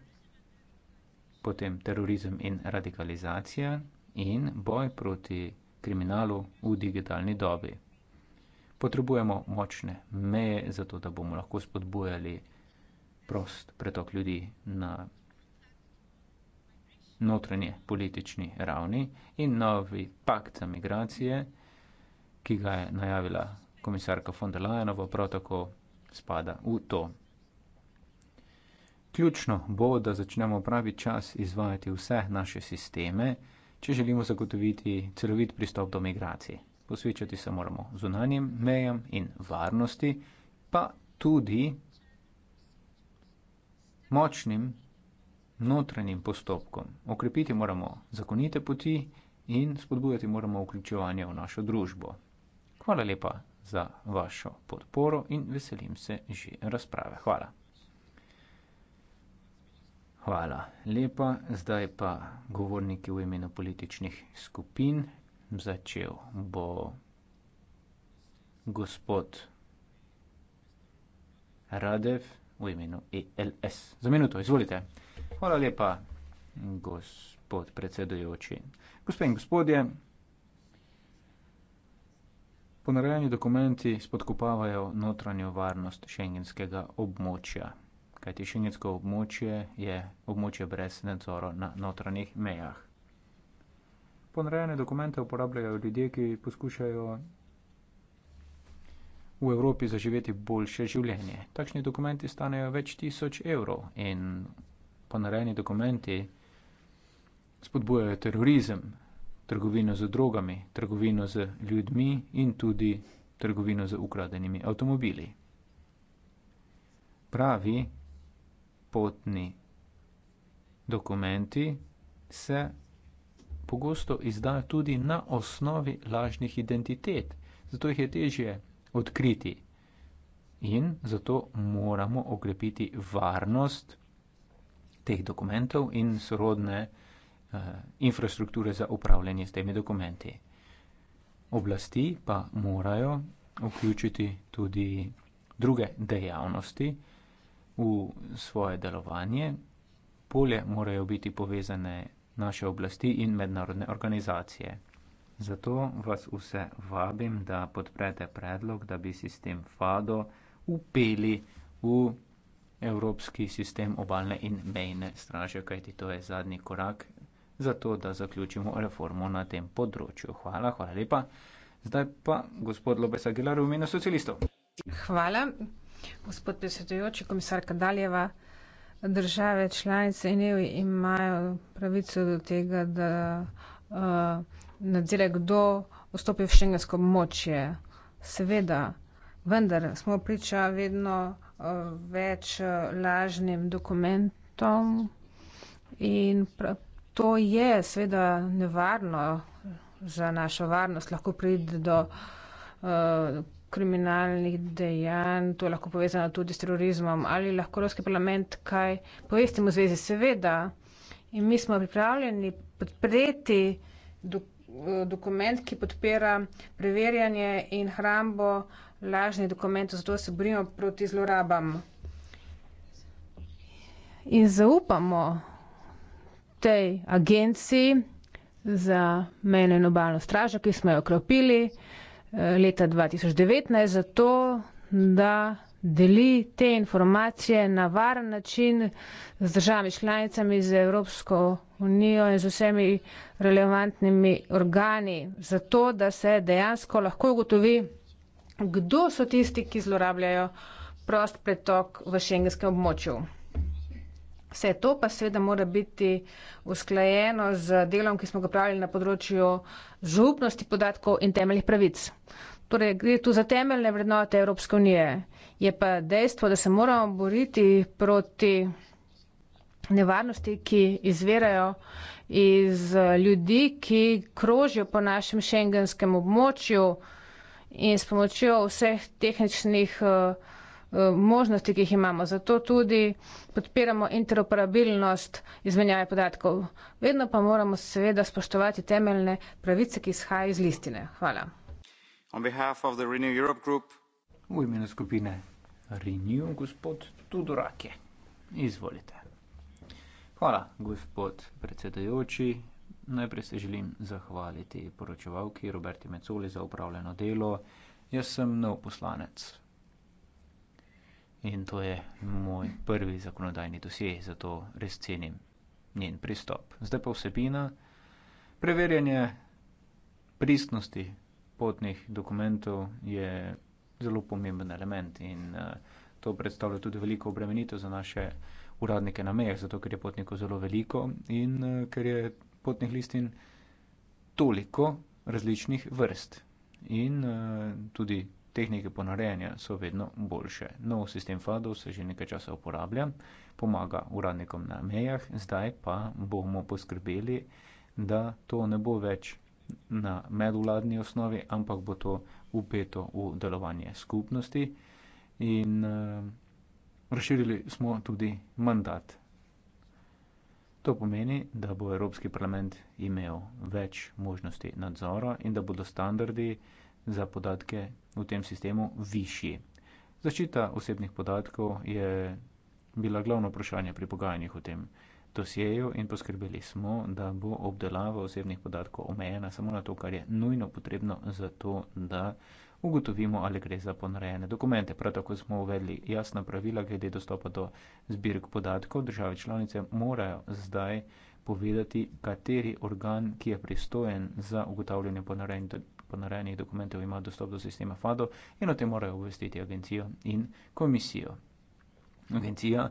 Potem terorizem in radikalizacija in boj proti kriminalu v digitalni dobi. Potrebujemo močne meje, zato da bomo lahko spodbujali prost pretok ljudi na notranje politični ravni in novi pakt za migracije, ki ga je najavila komisarka von der Leyenova, prav tako spada v to. Ključno bo, da začnemo pravi čas izvajati vse naše sisteme, če želimo zagotoviti celovit pristop do migracije. Posvečati se moramo zunanjim mejam in varnosti, pa tudi močnim notranjim postopkom. Okrepiti moramo zakonite poti in spodbujati moramo vključevanje v našo družbo. Hvala lepa za vašo podporo in veselim se že razprave. Hvala. Hvala lepa. Zdaj pa govorniki v imenu političnih skupin. Začel bo gospod Radev v imenu ELS. Za minuto, izvolite. Hvala lepa, gospod predsedujoči. Gospe in gospodje, ponarejeni dokumenti spodkopavajo notranjo varnost šengenskega območja. Kajti šengensko območje je območje brez nadzora na notranjih mejah. Ponarejene dokumente uporabljajo ljudje, ki poskušajo v Evropi zaživeti boljše življenje. Takšni dokumenti stanejo več tisoč evrov in ponarejeni dokumenti spodbujajo terorizem, trgovino z drogami, trgovino z ljudmi in tudi trgovino z ukradenimi avtomobili. Pravi potni dokumenti se pogosto izdajo tudi na osnovi lažnih identitet. Zato jih je težje odkriti. In zato moramo okrepiti varnost teh dokumentov in sorodne uh, infrastrukture za upravljanje s temi dokumenti. Oblasti pa morajo vključiti tudi druge dejavnosti v svoje delovanje. Polje morajo biti povezane naše oblasti in mednarodne organizacije. Zato vas vse vabim, da podprete predlog, da bi sistem FADO upeli v evropski sistem obalne in mejne straže, kajti to je zadnji korak za to, da zaključimo reformo na tem področju. Hvala, hvala lepa. Zdaj pa gospod Lopes Aguilar v imenu socialistov.
Hvala, gospod predsedujoči, komisarka Daljeva. Države članice in EU imajo pravico do tega, da uh, nadzira, kdo vstopi v šengensko območje. Seveda, vendar smo priča vedno eh, več eh, lažnim dokumentom in to je seveda nevarno za našo varnost. Lahko pride do eh, kriminalnih dejanj, to je lahko povezano tudi s terorizmom ali lahko Ruski parlament kaj povestimo v zvezi. Seveda, in mi smo pripravljeni podpreti dokument dokument, ki podpira preverjanje in hrambo lažnih dokumentov, zato se borimo proti zlorabam. In zaupamo tej agenciji za mejno in obalno stražo, ki smo jo okropili eh, leta 2019, zato da deli te informacije na varen način z državami članicami, z Evropsko unijo in z vsemi relevantnimi organi, zato da se dejansko lahko ugotovi, kdo so tisti, ki zlorabljajo prost pretok v šengenskem območju. Vse to pa seveda mora biti usklajeno z delom, ki smo ga pravili na področju zaupnosti podatkov in temeljnih pravic. Torej, gre tu za temeljne vrednote Evropske unije. Je pa dejstvo, da se moramo boriti proti nevarnosti, ki izvirajo iz ljudi, ki krožijo po našem šengenskem območju in s pomočjo vseh tehničnih eh, eh, možnosti, ki jih imamo. Zato tudi podpiramo interoperabilnost izmenjave podatkov. Vedno pa moramo seveda spoštovati temeljne pravice, ki izhajajo iz listine. Hvala.
V imenu skupine Renew, gospod Tudorake. Izvolite. Hvala, gospod predsedajoči. Najprej se želim zahvaliti poročevalki Roberti Mecoli za upravljeno delo. Jaz sem nov poslanec. In to je moj prvi zakonodajni dosje, zato res cenim njen pristop. Zdaj pa vsebina. Preverjanje pristnosti potnih dokumentov je zelo pomemben element in uh, to predstavlja tudi veliko obremenitev za naše uradnike na mejah, zato ker je potnikov zelo veliko in uh, ker je potnih listin toliko različnih vrst. In uh, tudi tehnike ponarejanja so vedno boljše. Nov sistem FADO se že nekaj časa uporablja, pomaga uradnikom na mejah, zdaj pa bomo poskrbeli, da to ne bo več na medvladni osnovi, ampak bo to upeto v delovanje skupnosti in uh, razširili smo tudi mandat. To pomeni, da bo Evropski parlament imel več možnosti nadzora in da bodo standardi za podatke v tem sistemu višji. Zaščita osebnih podatkov je bila glavno vprašanje pri pogajanjih o tem uh, dosjejev in poskrbeli smo, da bo obdelava osebnih podatkov omejena samo na to, kar je nujno potrebno za to, da ugotovimo, ali gre za ponarejene dokumente. Prav tako smo uvedli jasna pravila glede dostopa do zbirk podatkov. Države članice morajo zdaj povedati, kateri organ, ki je pristojen za ugotavljanje ponarejenih dokumentov, ima dostop do sistema FADO in o tem morajo obvestiti agencijo in komisijo. Agencija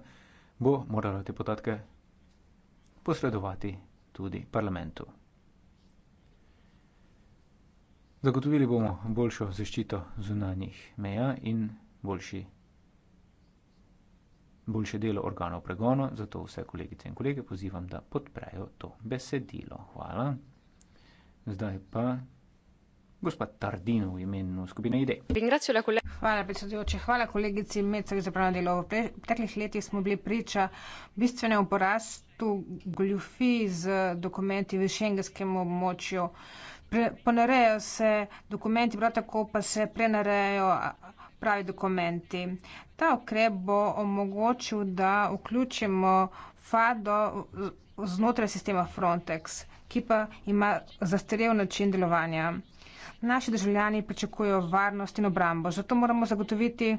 bo morala te podatke posredovati tudi parlamentu. Zagotovili bomo boljšo zaščito zunanjih meja in boljši, boljše delo organov pregona, zato vse kolegice in kolege pozivam, da podprejo to besedilo. Hvala. Zdaj pa Gospa Tardino v imenu skupine IDE.
Hvala, predsedujoče. Hvala kolegici Mecek za pravno delo. V preteklih letih smo bili priča bistvene oporastu goljufi z dokumenti v šengenskem območju. Ponarejo se dokumenti, prav tako pa se prenarejo pravi dokumenti. Ta ukrep bo omogočil, da vključimo FADO znotraj sistema Frontex, ki pa ima zastarev način delovanja. Naši državljani pričakujejo varnost in obrambo, zato moramo zagotoviti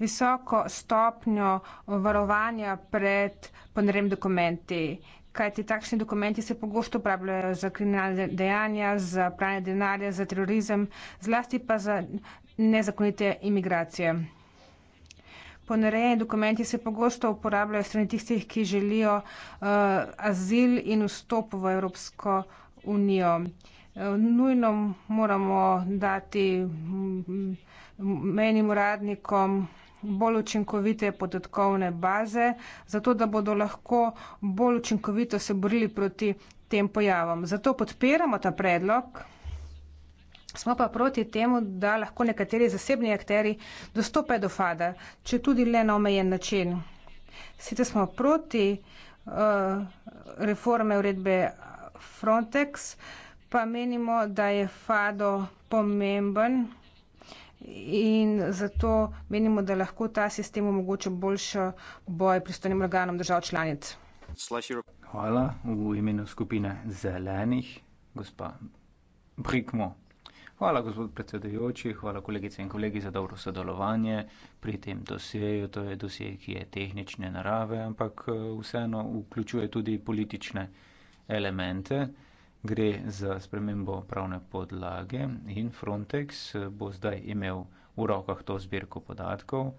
visoko stopnjo varovanja pred ponarem dokumenti. Kajti takšni dokumenti se pogosto uporabljajo za kriminalne dejanja, za pranje denarja, za terorizem, zlasti pa za nezakonite imigracije. Ponarejeni dokumenti se pogosto uporabljajo strani tistih, ki želijo uh, azil in vstop v Evropsko unijo. Uh, nujno moramo dati menim uradnikom bolj učinkovite podatkovne baze, zato da bodo lahko bolj učinkovito se borili proti tem pojavom. Zato podpiramo ta predlog. Smo pa proti temu, da lahko nekateri zasebni akteri dostopajo do fada, če tudi le na omejen način. Sicer smo proti uh, reforme uredbe Frontex, uh, pa menimo, da je fado pomemben in zato menimo, da lahko ta sistem omogoča boljšo boj pristojnim organom
držav članic. Hvala v imenu skupine zelenih, gospa Brikmo. Hvala, gospod predsedujoči, hvala kolegice in kolegi za dobro sodelovanje pri tem dosjeju. To je dosjej, ki je tehnične narave, ampak eh, vseeno vključuje tudi politične elemente gre za spremembo pravne podlage in Frontex eh, bo zdaj imel v rokah to zbirko podatkov.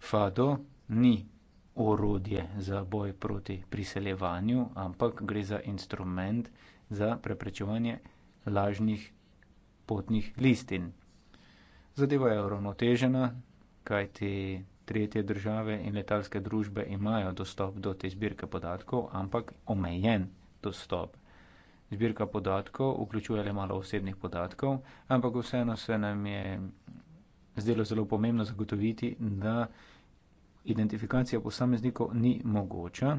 Fado ni orodje za boj proti priseljevanju, ampak gre za instrument za preprečevanje lažnih potnih listin. Zadeva je uravnotežena, kajti tretje države in letalske družbe imajo dostop do te zbirke podatkov, ampak omejen dostop. Zbirka podatkov vključuje le malo osebnih podatkov, ampak vseeno se nam je zdelo zelo pomembno zagotoviti, da identifikacija posameznikov ni mogoča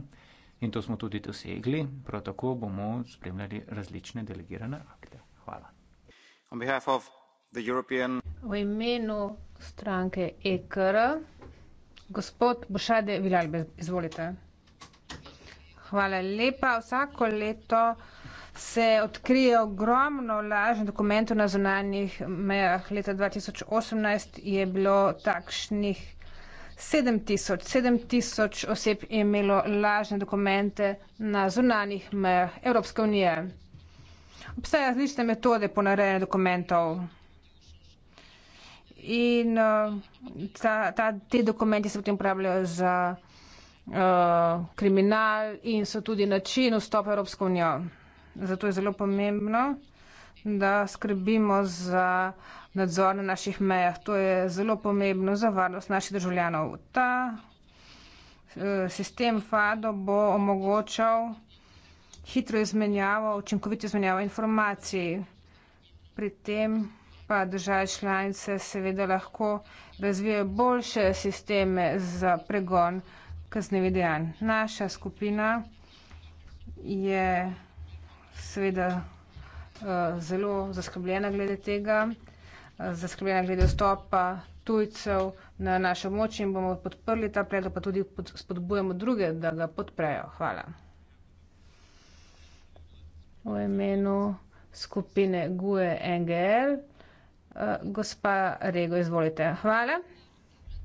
in to smo tudi dosegli. Prav tako bomo spremljali različne delegirane akte. Hvala.
V imenu stranke EKR. Gospod Bošade Vilalbe, izvolite. Hvala lepa. Vsako leto se odkrije ogromno lažnih dokumentov na zunanjih mejah. Leta 2018 je bilo takšnih 7000. 7000 oseb je imelo lažne dokumente na zunanjih mejah Evropske unije. Obstajajo različne metode ponarejanja dokumentov in uh, ta, ta, te dokumenti se potem uporabljajo za uh, kriminal in so tudi način vstopa Evropsko unijo. Zato je zelo pomembno, da skrbimo za nadzor na naših mejah. To je zelo pomembno za varnost naših državljanov. Ta uh, sistem FADO bo omogočal hitro izmenjavo, učinkovito izmenjavo informacij. Pri tem pa države članice seveda lahko razvijajo boljše sisteme za pregon kaznevih dejanj. Naša skupina je seveda uh, zelo zaskrbljena glede tega, uh, zaskrbljena glede vstopa tujcev na našo moč in bomo podprli ta predlog, pa tudi pod, spodbujemo druge, da ga podprejo. Hvala. V imenu skupine GUE NGL. Eh, gospa Rego, izvolite. Hvala,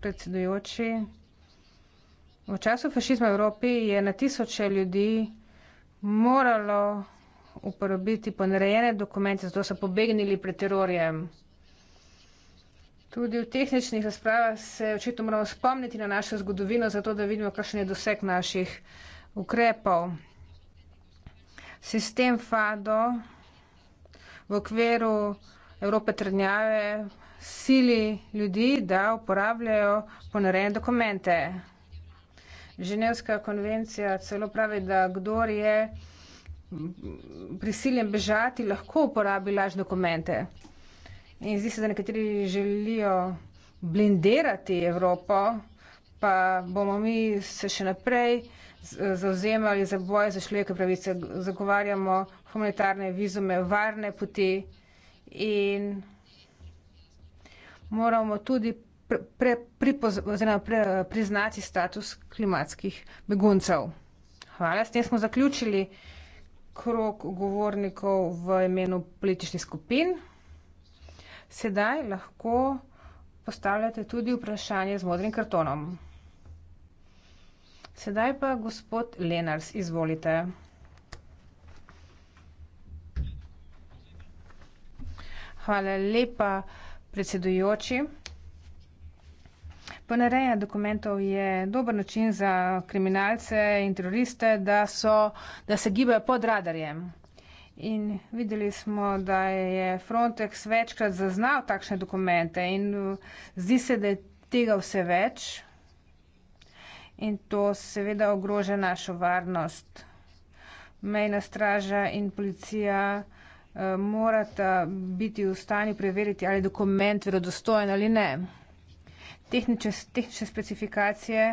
predsedujoči. V času fašizma v Evropi je na tisoče ljudi moralo uporabiti ponarejene dokumente, zato so pobegnili pred terorijem. Tudi v tehničnih razpravah se očitno moramo spomniti na našo zgodovino, zato da vidimo, kakšen je doseg naših ukrepov. Sistem FADO v okviru Evrope trdnjave sili ljudi, da uporabljajo ponarejene dokumente. Ženevska konvencija celo pravi, da kdor je prisiljen bežati, lahko uporabi laž dokumente. In zdi se, da nekateri želijo blindirati Evropo, pa bomo mi se še naprej zauzemali za boje za človekove pravice. Zagovarjamo humanitarne vizume, varne poti in moramo tudi pre, pre, oziroma pre, priznati status klimatskih beguncev. Hvala, s tem smo zaključili krok govornikov v imenu političnih skupin. Sedaj lahko postavljate tudi vprašanje z modrim kartonom. Sedaj pa gospod Lenars, izvolite. Hvala lepa, predsedujoči. Ponareja dokumentov je dober način za kriminalce in teroriste, da so, da se gibajo pod radarjem. In videli smo, da je Frontex večkrat zaznal takšne dokumente in uh, zdi se, da je tega vse več. In to seveda ogroža našo varnost. Mejna straža in policija Eh, morata biti v stanju preveriti, ali je dokument verodostojen ali ne. Tehnične, tehnične specifikacije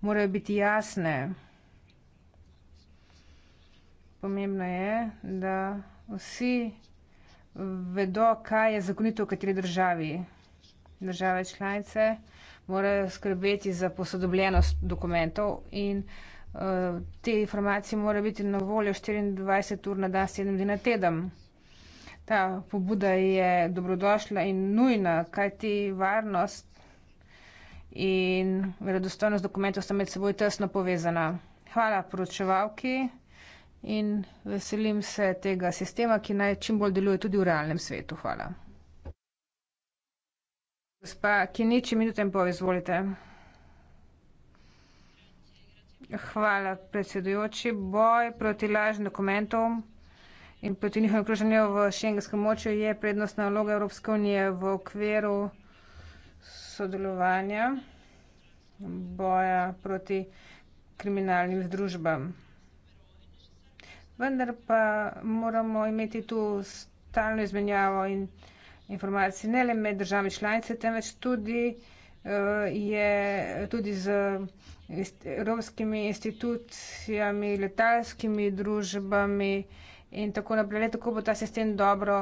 morajo biti jasne. Pomembno je, da vsi vedo, kaj je zakonito v kateri državi. Države članice morajo skrbeti za posodobljenost dokumentov in dokumentov te informacije mora biti na voljo 24 ur na dan, 7 dni na teden. Ta pobuda je dobrodošla in nujna, kaj ti varnost in verodostojnost dokumentov sta med seboj tesno povezana. Hvala poročevalki in veselim se tega sistema, ki naj čim bolj deluje tudi v realnem svetu. Hvala. Gospa Kiniči, minuto in pol, izvolite. Hvala, predsedujoči. Boj proti lažnim dokumentom in proti njihovem kruženju v šengenskem močju je prednostna vloga Evropske unije v okviru sodelovanja boja proti kriminalnim združbam. Vendar pa moramo imeti tu stalno izmenjavo in informacij ne le med državami članice, temveč tudi Eh, je tudi z evropskimi institucijami, letalskimi družbami in tako naprej. Le tako bo ta sistem dobro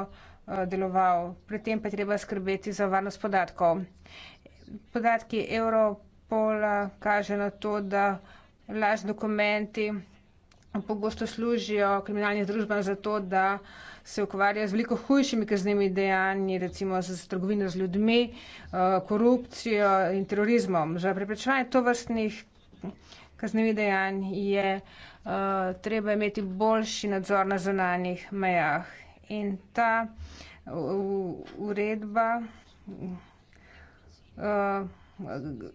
eh, deloval. Pri tem pa je treba skrbeti za varnost podatkov. Podatki Europola kaže na to, da lažni dokumenti pogosto služijo kriminalnim družbam za to, da se ukvarja z veliko hujšimi kaznimi dejanji, recimo z trgovino z ljudmi, eh, korupcijo in terorizmom. Za preprečevanje to vrstnih kaznimi dejanj je eh, treba imeti boljši nadzor na zunanjih mejah. In ta uredba eh,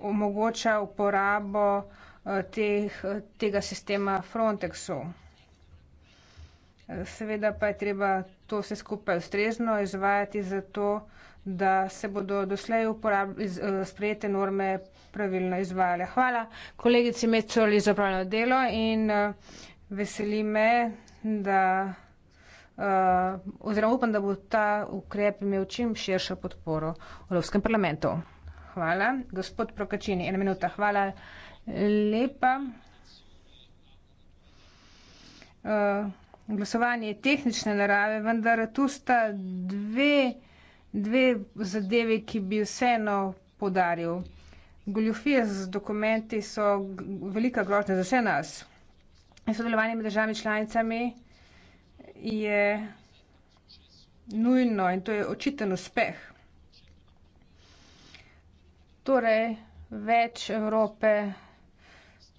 omogoča uporabo teh, tega sistema Frontexu. Seveda pa je treba to vse skupaj ustrezno izvajati zato, da se bodo doslej eh, sprejete norme pravilno izvajale. Hvala kolegici Mecoli za pravno delo in eh, veseli me, da eh, oziroma upam, da bo ta ukrep imel čim širšo podporo v Lovskem parlamentu. Hvala. Gospod Prokačini, ena minuta. Hvala lepa. Uh, glasovanje je tehnične narave, vendar tu sta dve, dve zadeve, ki bi vseeno podaril. Goljofije z dokumenti so velika grožnja za vse nas. Sodelovanje med državami članicami je nujno in to je očiten uspeh. Torej, več Evrope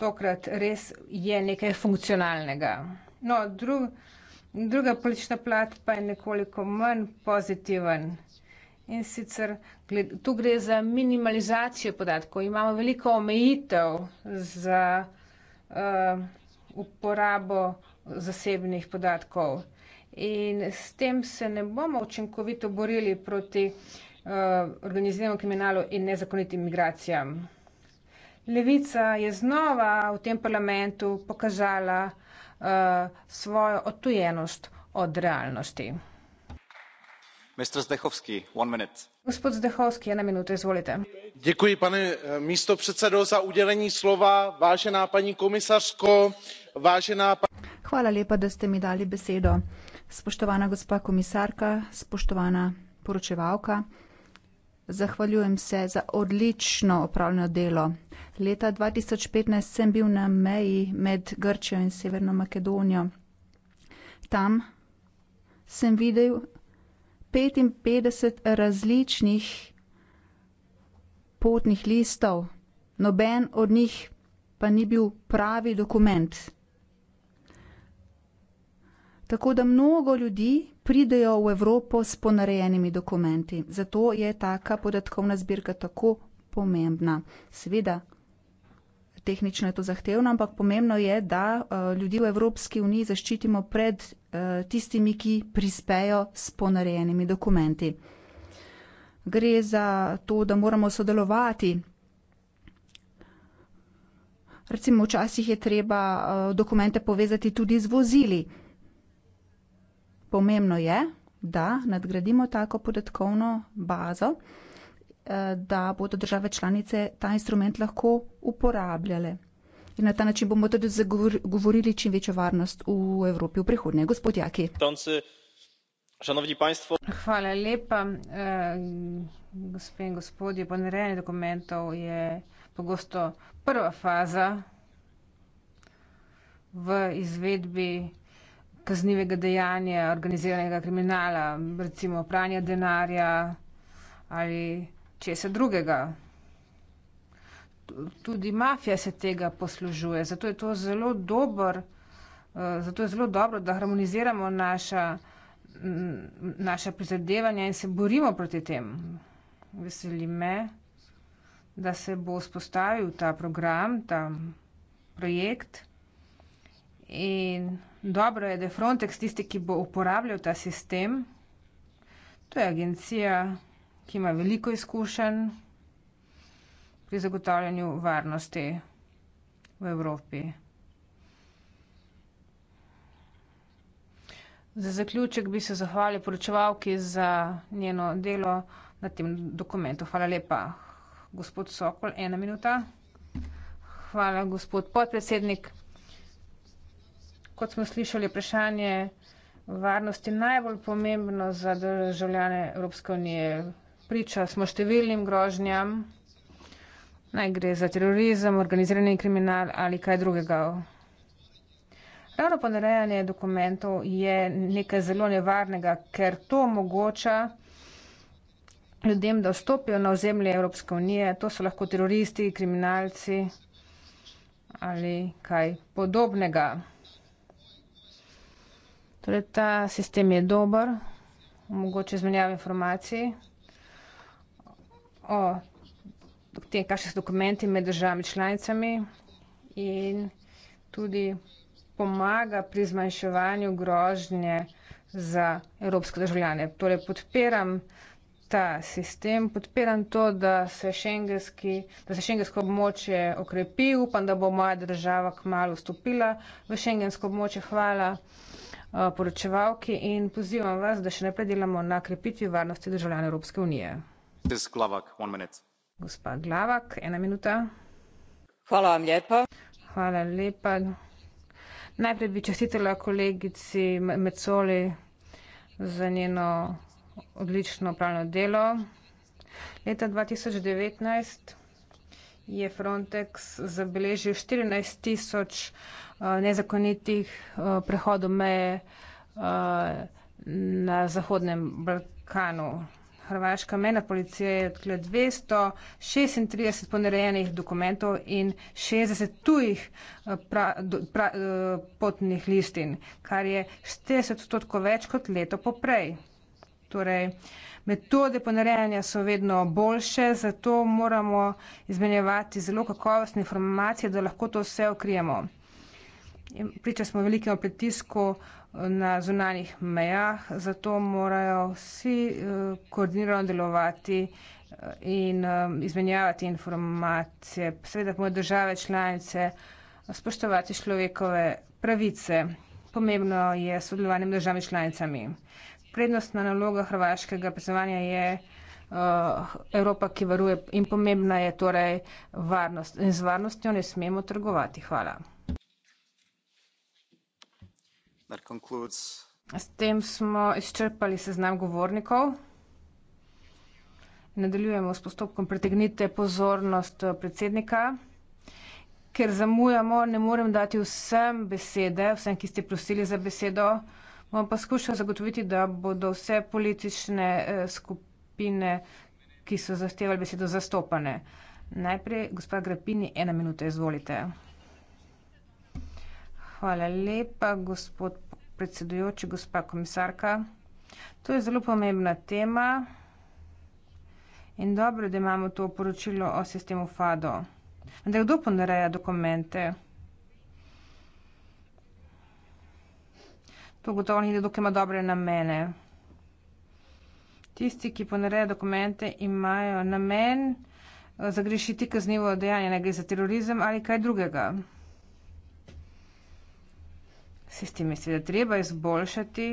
tokrat res je nekaj funkcionalnega. No, dru, druga politična plat pa je nekoliko manj pozitiven. In sicer tu gre za minimalizacijo podatkov. Imamo veliko omejitev za uh, uporabo zasebnih podatkov. In s tem se ne bomo učinkovito borili proti uh, organiziranemu kriminalu in nezakonitim migracijam. Levica je znova v tem parlamentu pokazala, Eh, svojo odtujenost od realnosti. Gospod Zdechovski, ena minuta, izvolite.
Děkuji, pane
eh, místo předsedo, za udělení slova, vážená paní komisařko, vážená
pa... Hvala lepa, da ste mi dali besedo. Spoštovana gospa komisarka, spoštovana poročevalka, Zahvaljujem se za odlično opravljeno delo. Leta 2015 sem bil na meji med Grčijo in Severno Makedonijo. Tam sem videl 55 različnih potnih listov. Noben od njih pa ni bil pravi dokument. Tako da mnogo ljudi pridejo v Evropo s ponarejenimi dokumenti. Zato je taka podatkovna zbirka tako pomembna. Seveda, tehnično je to zahtevno, ampak pomembno je, da uh, ljudi v Evropski uniji zaščitimo pred uh, tistimi, ki prispejo s ponarejenimi dokumenti. Gre za to, da moramo sodelovati. Recimo, včasih je treba uh, dokumente povezati tudi z vozili pomembno je, da nadgradimo tako podatkovno bazo, eh, da bodo države članice ta instrument lahko uporabljale. In na ta način bomo tudi zagovorili čim večjo varnost v Evropi v prihodnje. Gospod Jaki.
Hvala lepa. Eh, gospe in gospodje, ponarejanje dokumentov je pogosto prva faza v izvedbi kaznivega dejanja, organiziranega kriminala, recimo pranja denarja ali česa drugega. Tudi mafija se tega poslužuje, zato je to zelo dober, eh, zato je zelo dobro, da harmoniziramo naša, naša prizadevanja in se borimo proti tem. Veseli me, da se bo vzpostavil ta program, ta projekt in Dobro je, da je Frontex tisti, ki bo uporabljal ta sistem. To je agencija, ki ima veliko izkušenj pri zagotavljanju varnosti v Evropi. Za zaključek bi se zahvalil poročevalki za njeno delo na tem dokumentu. Hvala lepa, gospod Sokol. Ena minuta. Hvala, gospod podpredsednik kot smo slišali, vprašanje varnosti najbolj pomembno za državljane Evropske unije. Priča smo številnim grožnjam, naj gre za terorizem, organizirani kriminal ali kaj drugega. Ravno ponarejanje dokumentov je nekaj zelo nevarnega, ker to omogoča ljudem, da vstopijo na ozemlje Evropske unije. To so lahko teroristi, kriminalci ali kaj podobnega. Torej, ta sistem je dober, omogoča izmenjavo informacij o tem, kakšni so dokumenti med državami članicami in tudi pomaga pri zmanjševanju grožnje za evropske državljane. Torej, podpiram ta sistem, podpiram to, da se, da se šengensko območje okrepi, upam, da bo moja država kmalo vstopila v šengensko območje. Hvala. Eh, poročevalki in pozivam vas, da še naprej delamo na krepitvi varnosti državljanov Evropske unije. Glavak, Gospa Glavak, ena minuta. Hvala vam lepa. Hvala lepa. Najprej bi čestitela kolegici Mecoli za njeno odlično upravno delo. Leta 2019 je Frontex zabeležil 14 tisoč uh, nezakonitih uh, prehodov meje uh, na Zahodnem Balkanu. Hrvaška mena policija je odkle 236 ponarejenih dokumentov in 60 tujih pra, pra, potnih listin, kar je 40 odstotkov več kot leto poprej torej metode ponarejanja so vedno boljše, zato moramo izmenjevati zelo kakovostne informacije, da lahko to vse okrijemo. Priča smo velikemu pritisku eh, na zunanjih mejah, zato morajo vsi eh, koordinirano delovati eh, in izmenjavati informacije. Seveda pa morajo države članice spoštovati človekove pravice. Pomembno je sodelovanje med državami članicami prednostna naloga hrvaškega predsedovanja je uh, Evropa, ki varuje in pomembna je torej varnost. In z varnostjo ne smemo trgovati. Hvala. S tem smo izčrpali seznam govornikov. Nadaljujemo s postopkom. Pritegnite pozornost uh, predsednika. Ker zamujamo, ne morem dati vsem besede, vsem, ki ste prosili za besedo bom pa skušal zagotoviti, da bodo vse politične eh, skupine, ki so zahtevali besedo, zastopane. Najprej, gospa Grapini, ena minuta, izvolite. Hvala lepa, gospod predsedujoči, gospa komisarka. To je zelo pomembna tema in dobro, da imamo to poročilo o sistemu FADO. Vendar kdo ponareja dokumente? To gotovo ni, da dokaj ima dobre namene. Tisti, ki ponarejo dokumente, imajo namen eh, zagrešiti kaznivo dejanje, ne gre za terorizem ali kaj drugega. Sistem je seveda treba izboljšati.